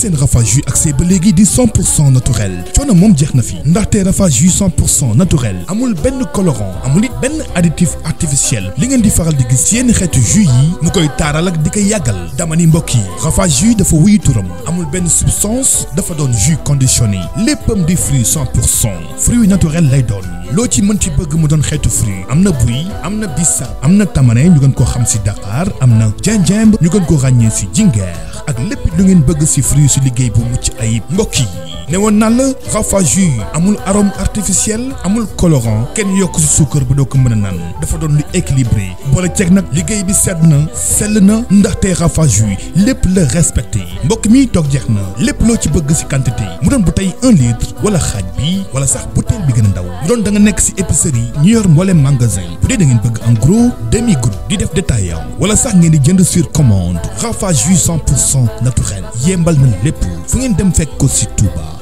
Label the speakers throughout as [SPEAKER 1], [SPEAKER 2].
[SPEAKER 1] seen Rafa jus ak see ba léegi di 100 pour cent naturel coono moom jeex na fi ndaxte Rafa jus 100 pour cent naturel amul benn colorant amul it benn additif artificiel li ngeen di faral di gis yenn xeetu jus yi mu koy taaral ak di koy yàggal dama ni mbokk yi Rafa dafa wuy turam amul benn substance dafa doon jus conditionné léppam di fruit 100 pour cent fruit naturel lay doon loo ci mën ci bëgg ma doon xeetu fruit am na buy am na bissap am na tamane ñu gën koo xam si Dakar am na jenjemb ñu gën koo ràññee si jingeer ak lépp lu ngeen bëgg si fruit si liggéey bu mucc ayib mbokk yi ne woon naa la Rafah jus amul arôme artificiel amul colorant kenn yokk si suukar ba doo ko mën a naan dafa doon lu équilibré boole ceeg nag liggéey bi sedd na sell na ndaxte Rafah jus lépp la respecté mbokk mi toog jeex na lépp loo ci bëgg si quantité mu doon tey un litre wala xaaj bi wala sax bouteille bi gën a ndaw mu doon da nga nekk si épicerie ñu yor mboole magasin bu dee da ngeen bëgg en gros demi groupe di def détail wala sax ngeen di jënd sur commande Rafah jus 100 pour cent naturel yembal na lépp fu ngeen dem fekk ko si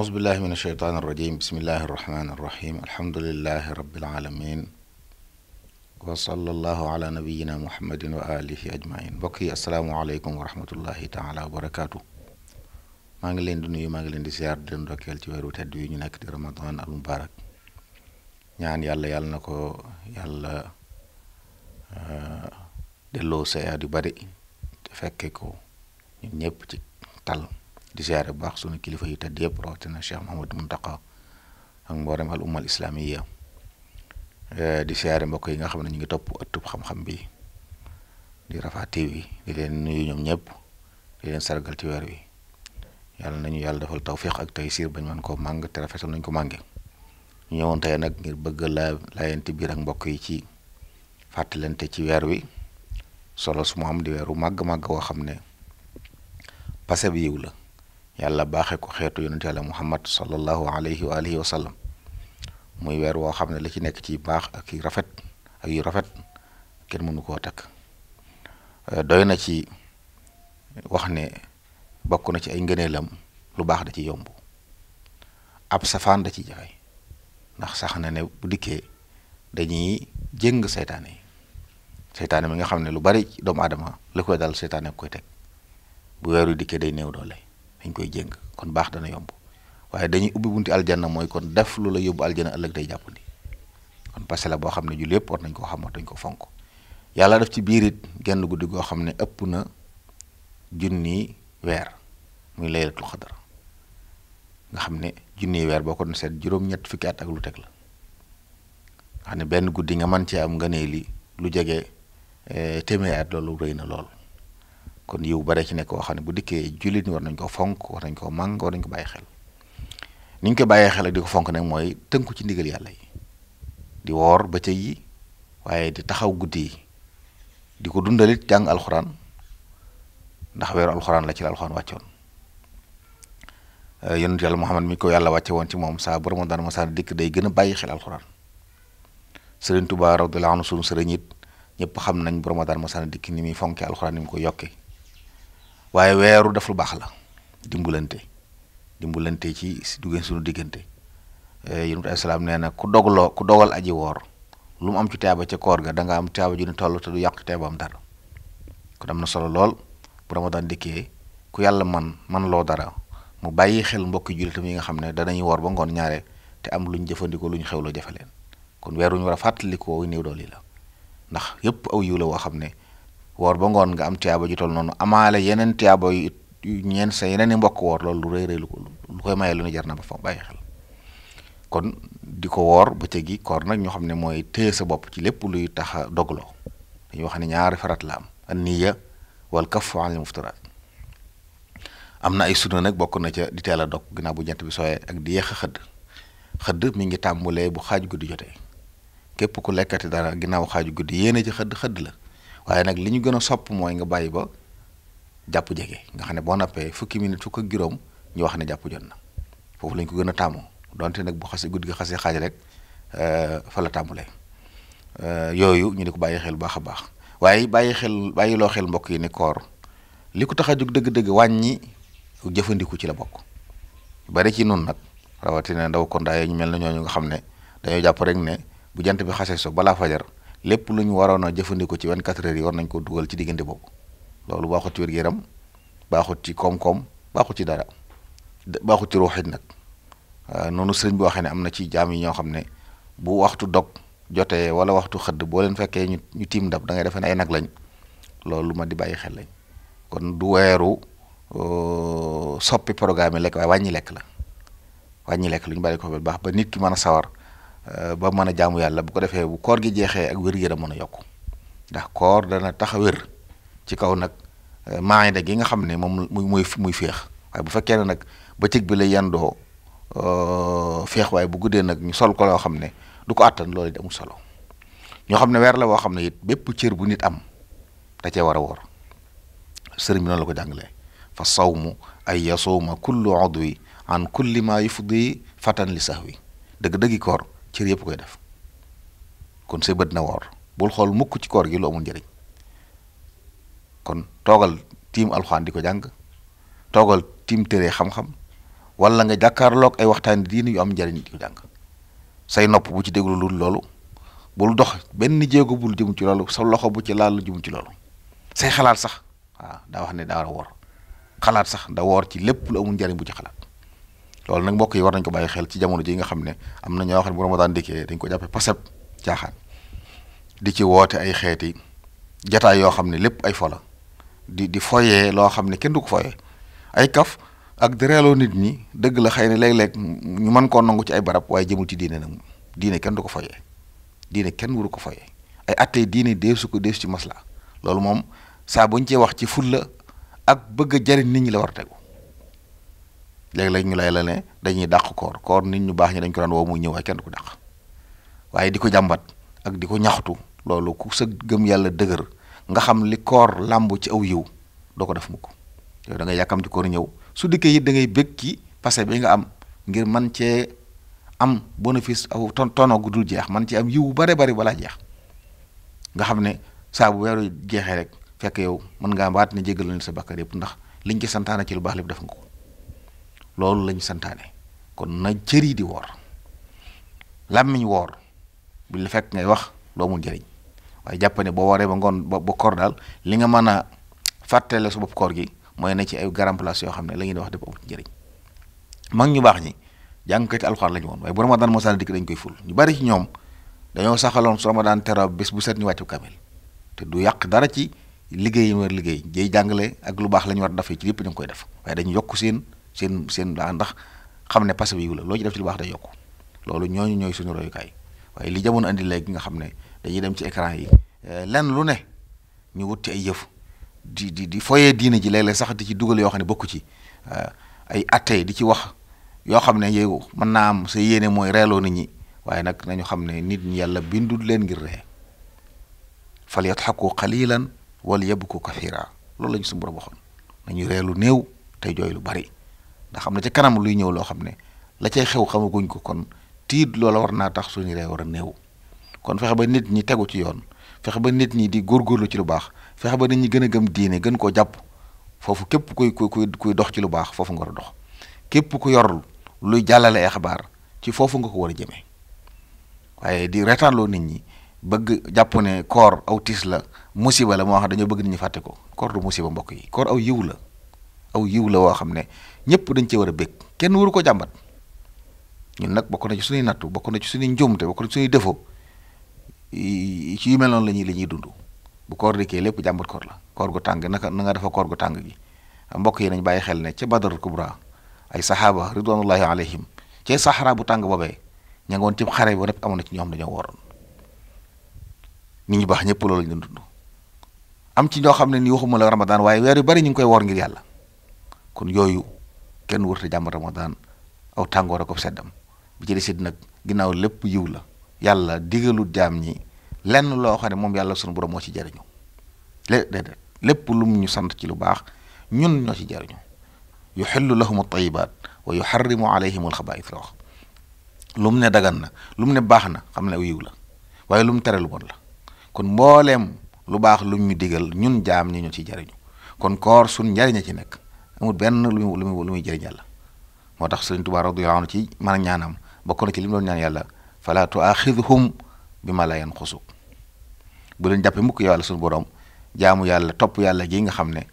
[SPEAKER 2] aousubillahi min alsheytaan irrajim bismillahi irrahmani irrahim alhamdulilahi rabilalamin wasala allahu ala nabiyina muhammadin wa alihi ajmain mbokk yi asalaamualeykum wa rahmatullahi taala wa barakaatu maa ngi leen di nuyu maa ngi leen di siyaar di leen dokkeel ci weeru tedd yi ñu nekk di ramadan al mubarak ñaan yàlla yàlla na ko yàlla uh, delloo sa yu bari te fekke ko ñun ñëpp ci tal di siyaare bu baax sunu kilifa yi tedd yëpp rawatina Cheikh Mouhamadou Mountakha ak mboolem al ummal islamiya eh, di siyaare mbokk yi nga xam ne ñu ngi topp ëttub xam-xam bi di Rafah TV di leen nuyu ñoom ñëpp di leen sargal ci weer wi yàlla nañu yàlla defal tawfiq ak taysiir bañ mën koo màng te rafetal nañ ko mànge ñu ñëwoon nag ngir bëgg la laayante biir ak mbokk yi ci fàttalante ci weer wi solo su am di weeru màgg-màgg woo xam ne pase bi yiw la yàlla baaxee ko xeetu yonent yàlla muhammad sallallahu alayhi wa alihi wa sallam muy weer woo xam ne la ci nekk ci baax ak yu rafet ak yu rafet kenn mënu koo takk euh, doy na ci wax ne bokk na ci ay ngëneelam lu baax da ci yomb ab safaan da ci jafe ndax sax na ne bu dikkee dañuy jëng seytaane yi seytaane mi nga xam ne lu bari doomu aadama la koy dal seytaane koy teg bu weeru dikkee day néew doole dañ koy jéng kon baax dana yomb waaye dañuy ubbi bunti aljanna mooy kon def lu la yóbbu aljanna ëllëg day jàppandi kon passé la boo xam ne jullit yëpp war nañ ko xam war ko fonk yàlla def ci biir it genn guddi goo xam ne ëpp na junni weer muy laylatul dara nga xam ne junni weer boo ko doon seet juróom-ñett fukki ak lu teg la nga xam ne benn guddi nga man ci am nga ne li lu jege eh, téeméer at loolu rëy na lool. kon yiw bare ci nekk woo xam ne bu dikkee jullit ñi war nañ ko fonk war nañ koo màng war nañ ko bàyyi xel ni ñu ko bàyyee xel ak di ko fonk nag mooy tënku ci ndigal yàlla yi di woor bëccëg yi waaye di taxaw guddi yi di ko dundalit jàng alxuraan ndax weeru alxuraan la ci la alxuraan wàccoon euh, yonent yàlla Muhammad mi ko yàlla wàcce woon ci moom saa bu Ramadan ma saa dikk day gën a bàyyi xel alxuraan Sëriñ Tuubaa radiyallaahu anhu sunu sëriñ it ñëpp xam nañ bu Ramadan ma saa dikk ni muy fonke alxuraan di mu ko yokke waaye weeru def lu baax la dimbulante dimbulante ci si duggee suñu diggante eh, yonent ay nee na ku dogloo ku dogal aji woor lu mu am ci tiyaaba ca koor ga da nga am tiyaaba ju ni toll te du yàq tiyaaba am dara kon am na solo lool bu daan dikkee ku yàlla man man loo dara mu bàyyi xel mbokki jullitam yi nga xam ne danañuy woor ba ngoon ñaare te am lu ñu jëfandikoo lu ñu xewloo jafe leen kon weer wu ñu war a fàttalikoo dool yi la ndax yépp aw yiw la woo xam ne woor ba ngoon nga am tiyaaba ju tol noonu amaale yeneen tiyaaba yu ñeen sa yeneen i mbokk woor loolu lu rëy rëy lu koy maye lu ne jar na ba fa bàyyi xel kon di ko woor ba gi koor nag ñoo xam ne mooy téye sa bopp ci lépp luy tax a loo dañuy wax ne ñaari farat la am nii niyya wal kaffu anil muftiraat am na ay sunna nag bokk na ca di teel a dog ginnaaw bu jant bi sooyee ak di yéex a xëdd xëdd mi ngi tàmbalee bu xaaj guddi jotee képp ku lekkati dara ginnaaw xaaju guddi yéene ci xëdd xëdd la waaye nag li ñu gën a sopp mooy nga bàyyi ba jàpp jege nga xam ne boo nappee fukki minute fukk ak juróom ñu wax ne jàpp jot na foofu lañ ko gën a tàmmoo donte nag bu xasee guddi xasee xaaj rek euh, fa la tàmbalee euh, yooyu ñu di ko bàyyi xel baax a baax waaye bàyyi xel bàyyi loo xel mbokk yi ni koor li ko tax a dëgg-dëgg wàññi jëfandiku ci la bokk bari ci nun nag rawatina ndaw kondaa yi ñu mel na ñooñu nga xam ne dañoo jàpp rek ne bu jant bi xasee so balaa fajar lépp lu ñu waroon a jëfandikoo ci 24 heures yi war nañ ko dugal ci diggante boobu loolu baaxut ci wér-gu-yaram baaxut ci koom-koom baaxut ci dara baaxut ci ruuxit nag euh, noonu sëriñ boo waxee ne am na ci jaam yi ñoo xam ne bu waxtu dog jotee wala waxtu xëdd boo leen fekkee ñu ñu tiim ndab da ngay defee ay nag lañ loolu lu ma di bàyyi xel lañ kon du weeru euh, soppi programme yi lekk waaye wàññi lekk la wàññi lekk lu ñu bàyyi ko baax ba nit ki mën a sawar. Euh, ba mën a jaamu yàlla bu ko defee bu koor gi jeexee ak wér gi da mën a yokk ndax koor dana tax a wér ci kaw nag euh, maayda gi nga xam ne moom muy muy muy féex waaye bu fekkee ne nag ba bi la yendoo euh, féex waaye bu guddee nag ñu sol ko loo xam ne du ko àttan loolu solo ñoo xam ne weer la woo xam ne it bépp cër bu nit am da cee war a woor sëriñ bi noonu la ko jàngalee fa sawmu ay yasuuma kullu udwi an kulli ma yufdi fatan li sahwi dëgg-dëggi koor cër yëpp koy def kon sa bët na woor bul xool mukk ci koor gi lu amul njëriñ kon toogal tiim alxaan di ko jàng toogal tiim téere xam-xam wala nga jàkkaarloog ay waxtaan diini yu am njëriñ di ko jàng say nopp bu ci déglu lul loolu bul dox benn jéego bul jëm ci loolu sa loxo bu ci laal lu jëm ci loolu say xalaat sax waaw daa wax ne daa woor xalaat sax nda woor ci lépp lu amul njëriñ bu ci xalaat loolu nag mbokk war nañ ko bàyyi xel ci jamono ji nga xam ne am na ñoo xam ne bu Ramadan dikkee dañ ko jàppee paseb caaxaan di ci woote ay xeeti jataay yoo xam ne lépp ay fola di di foyee loo xam ne kenn du ko foyee ay kaf ak di reeloo nit ñi dëgg la xëy na léeg ñu mën koo nangu ci ay barab waaye jëmul ci diine nag diine kenn du ko foyee diine kenn waru ko foyee ay attee diine deesu ko deesu ci masla loolu moom saa buñ cee wax ci fulla ak bëgg a jariñ nit ñi la war a tegu léeg-léeg ñu lay la dañuy dàq koor koor nit ñu baax ñi dañ ko daan woo muy ñëw waaye kenn ko dàq waaye di ko jàmbat ak di ko ñaxtu loolu ku sa gëm yàlla dëgër nga xam li koor làmb ci aw yiw doo ko def mukk da ngay yàkkam ci ñëw su dikkee it da ngay bëgg ci passé bi nga am ngir man cee am bénéfice aw ton tono gu dul jeex man ci am yiw bu bare bari balaa jeex nga xam ne saa bu weeru jeexee rek fekk yow mën ngaa baat ne jégal na sa bakkar yëpp ndax liñ ci santaana ci lu baax lépp def nga ko loolu lañu santaane kon na cëri di woor làmmiñ woor bu la fekk ngay wax loo mun jëriñ waaye jàpp ne boo waree ba ngoon ba ba koor daal li nga mën a fàttale su bopp koor gi mooy na ci ay garam place yoo xam ne la ñuy wax def amul njëriñ mag ñu baax ñi jàngkati alxuraan la ñu woon waaye bu ramadaan mosaan dikk dañ koy ful ñu bari ñoom dañoo saxaloon su ramadaan tera bés bu set ñu wàccu kamel te du yàq dara ci liggéey yi war liggéey jëy jàngale ak lu baax la ñu war dafee ci lépp ñu ngi koy def waaye dañu yokk seen seen seen daa ndax xam ne passé bi yiw la loo ci def ci lu baax day yokk loolu ñooñu ñooy suñu royukaay waaye li jamono andi léegi nga xam ne dañuy dem ci écran yi eh, lenn lu ne ñu wut ci ay yëf di di di foyee diina ji léeg-léeg sax di ci dugal yoo xam ne bokku ci eh, ay atte di ci wax yoo xam ne yow mën naa am sa yéene mooy reeloo nit ñi waaye nag nañu xam ne nit ñi yàlla bindul leen ngir ree fal yadxaku qalilan wal yabku kathira loolu la ñu suñu borom waxoon nañu reelu néew tey jooy lu bari ndax am na ci kanam luy ñëw loo xam ne la cay xew xamaguñ ko kon tiit loola war naa tax suñu ree war a néew kon fexe ba nit ñi tegu ci yoon fexe ba nit ñi di góorgóorlu ci lu baax fexe ba nit ñi gën a gëm diine gën koo jàpp foofu képp kuy kuy kuy dox ci lu baax foofu nga war a dox képp ku yor luy jàllale ay xabaar ci foofu nga ko war a jëmee waaye di reetaanloo nit ñi bëgg jàpp ne koor aw tiis la musiba la moo xam dañoo bëgg nit ñi fàtte ko koor du musiba mbokk yi koor aw yiw la aw yiw la woo xam ne ñépp dañ cee war a bég kenn waru ko jàmbat ñun nag bokk na ci suñuy nattu bokk na ci suñuy njuumte bokk na ci suñuy défaut ci yu mel noonu la ñuy la ñuy dund bu koor dikkee lépp jàmbat koor la koor gu tàng naka na nga dafa koor gu tàng gi mbokk yi nañ bàyyi xel ne ca Badar Kubra ay saxaaba ridwanullahi alayhim ca saxara bu tàng boobee ña nga woon ci xare ba rek amoon ci ñoo dañoo woroon ñu baax ñëpp loolu la ñu dund am ci ñoo xam ne ni waxuma la Ramadan waaye weer yu bari ñu ngi koy woor ngir yàlla kon yooyu kenn wërta jàmm ramadan aw tàngoor ak seddam bi ci desit nag ginnaaw lépp yiw la yàlla digalu jaam ñi lenn loo xam ne moom yàlla sunu borom moo ci jariñu lé déedéet lépp lum ñu sant ci lu baax ñun ñoo ci jariñu yuxillu lahum at-tayyibaat wa yuxarrimu alayhim al-xabaa'is la wax lu mu ne dagan na lu mu ne baax na xam ne yiw la waaye lu mu tere lu bon la kon mbooleem lu baax lu ñu digal ñun jaam ñi ñoo ci jariñu kon koor suñ njariñ a ci nekk amul benn lu muy lu muy lu muy jëriñ yàlla moo tax Sëriñ Tuubaa radiyallaahu anhu ci mën a ñaanam bokk na ci li mu doon ñaan yàlla falaa tuaaxidhum bimaa laa yanqusu bu leen jàppee mukk yàlla suñu borom jaamu yàlla topp yàlla gi nga xam ne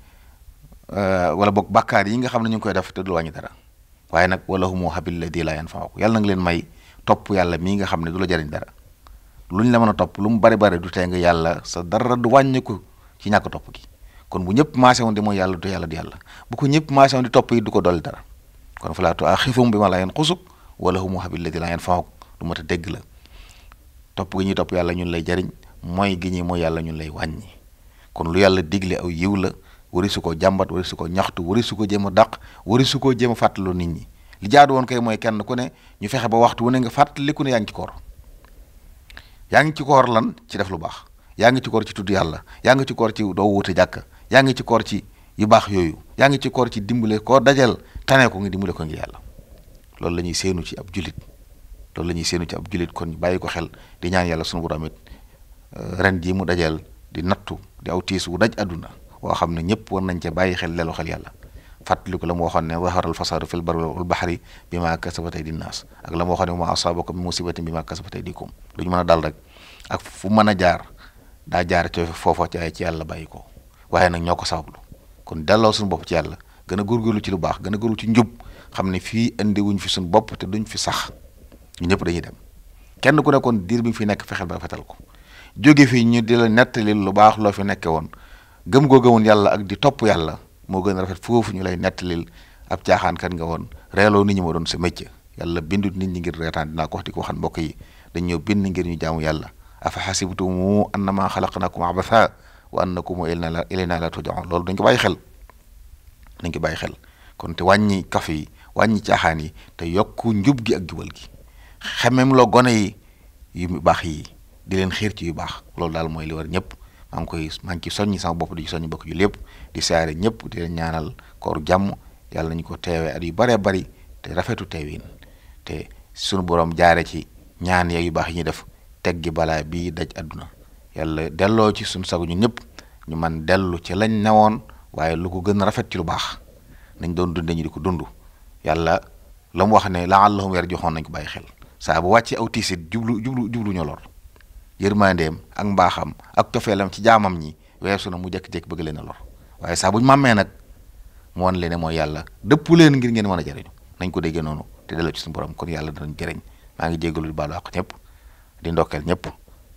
[SPEAKER 2] euh, wala boog bàkkaar yi nga xam ne ñu koy def te wàññi dara waaye nag wala humu habil ladi laa yanfa'u yàlla nga leen may topp yàlla mii nga xam ne du la jëriñ dara luñ la mën a topp lu mu bari bare du tee nga yàlla sa dara du wàññiku ci ñàkk topp gi kon bu ñëpp maasee woon di mooy yàlla du yàlla du yàlla bu ko ñëpp maasee woon di topp yi du ko dolli dara kon fa laa tu'aaxizhum bimaa laa yanqusuk wa lahum habil ladhi laa yanfa'uk lu mat a dégg la topp gi ñuy topp yàlla ñun lay jariñ mooy gi ñuy mooy yàlla ñun lay wàññi kon lu yàlla digle aw yiw la wari su ko jàmbat wari su ko ñaxtu wari su ko jéem a dàq wari su ko jéem a fàttaloo nit ñi li jaadu woon kay mooy kenn ku ne ñu fexe ba waxtu wu ne nga fàttaliku ne yaa ngi ci koor yaa ngi ci koor lan ci def lu baax yaa ngi ci ci tudd yàlla yaa ci koor ci doo wuute jàkka yaa ngi ci koor ci yu baax yooyu yaa ngi ci koor ci dimbale koo dajal tanee ko ngi dimbale ko ngir yàlla loolu la ñuy séenu ci ab jullit loolu la ñuy séenu ci ab jullit kon bàyyi ko xel di ñaan yàlla sunu borom it euh, ren jii mu dajal di nattu di aw tiis wu daj àdduna woo xam ne ñëpp war nañ ca bàyyi xel lelu xel yàlla fàttaliku la mu waxoon ne zaharal fasaadu fil barri wal bahri bi ma kasabat aydi naas ak la mu waxoon ne ma asaabakum min musibatin bi ma kasabat aydikum duñu mën a dal rek ak fu mën a jaar daa jaar ci foofa ci ay ci yàlla bàyyi ko waaye nag ñoo ko sabablu kon delloo suñu bopp ci yàlla gën a góorgóorlu ci lu baax gën a góorlu ci njub xam ne fii indi wuñ fi suñu bopp te duñ fi sax ñu ñëpp dañuy dem kenn ku nekkoon diir bi fi nekk fexeel ba fetal ko jóge fii ñu di la nettali lu baax loo fi nekke woon gëm goo gëmoon yàlla ak di topp yàlla moo gën a rafet foofu ñu lay nettalil ab caaxaankat nga woon reeloo nit ñi moo doon sa métier yàlla bindu nit ñi ngir reetaan dinaa ko wax ko waxan mbokk yi dañ ñoo ngir ñu jaamu yàlla wa annakum ilayna la turja'un loolu dañ ko bàyyi xel dañ ko bàyyi xel kon te wàññi kaf yi wàññi caaxaan yi te yokku njub gi ak jubal gi xemem loo gone yi yu mu baax yi di leen xiir ci yu baax loolu daal mooy li war ñëpp maa ngi koy maa ngi ci soññi sama bopp di ci soññi bokk yu lépp di saare ñëpp di leen ñaanal koor jàmm yàlla nañu ko teewee at yu baree bari te rafetu teewin te sunu borom jaare ci ñaan ya yu baax yi ñuy def teggi balaa bii daj àdduna yàlla delloo ci suñ sagu ñu ñëpp ñu man dellu ci lañ woon waaye lu ko gën a rafet ci lu baax nañ doon dundee ñu di ko dund yàlla la mu wax ne laallahum yarji'uun nañ ko bàyyi xel saa bu wàccee aw tiisit jublu jublu jublu ñu lor yërmandeem ak mbaaxam ak cofeelam ci jaamam ñi su na mu jékki-jékki bëgg leen a lor waaye saa bu ñu màmmee nag mu wan leen mooy yàlla dëpp leen ngir ngeen mën a jariñu nañ ko déggee noonu te delloo ci suñu borom kon yàlla danañ jëriñ maa ngi jégalu di baalu àq ñëpp di ndokkeel ñëpp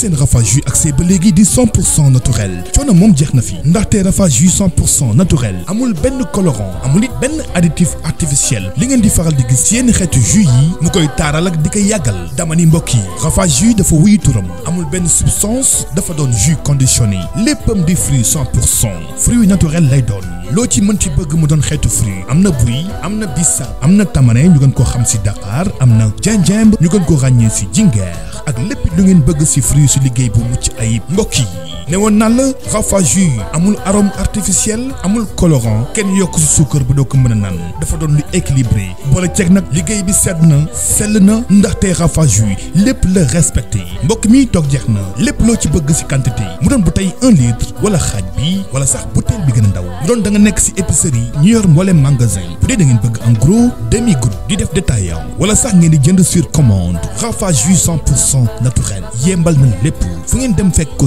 [SPEAKER 1] seen Rafa jus ak see ba léegi di 100 pour cent naturel coono moom jeex na fi ndaxte Rafa jus 100 pour cent naturel amul benn colorant amul it benn additif artificiel li ngeen di faral di gis yenn xeetu jus yi mu koy taaral ak di koy yàggal dama ni mbokk yi Rafa jus dafa wuyu turam amul benn substance dafa doon jus conditionné léppam di fruit 100 pour cent fruit naturel lay doon. loo ci mën ci bëgg mu doon xeetu fruit am na buy am na bissap am na tamarin ñu gën koo xam si Dakar am na jinjembe ñu gën koo ràññee si jingeer lépp lu ngeen bëgg si fruit su liggéey bu mucc ay mbokk yi ne woon naa la Rafah jus amul arôme artificiel amul colorant kenn yokk si suukar bu doo ko mën a naan dafa doon lu équilibré boole ceeg nag liggéey bi sedd na sell na ndaxte Rafah jus lépp la respecté mbokk mi toog jeex na lépp loo ci bëgg si quantité mu doon bouteille un litre wala xaaj bi wala sax bouteille bi gën a ndaw mu doon da nga nekk si épicerie ñu yor mboolem magasin bu dee da ngeen bëgg en demi goutte di def détail wala sax ngeen di jënd sur commande Rafah jus 100 pour cent naturel yembal na lépp fu ngeen dem fekk ko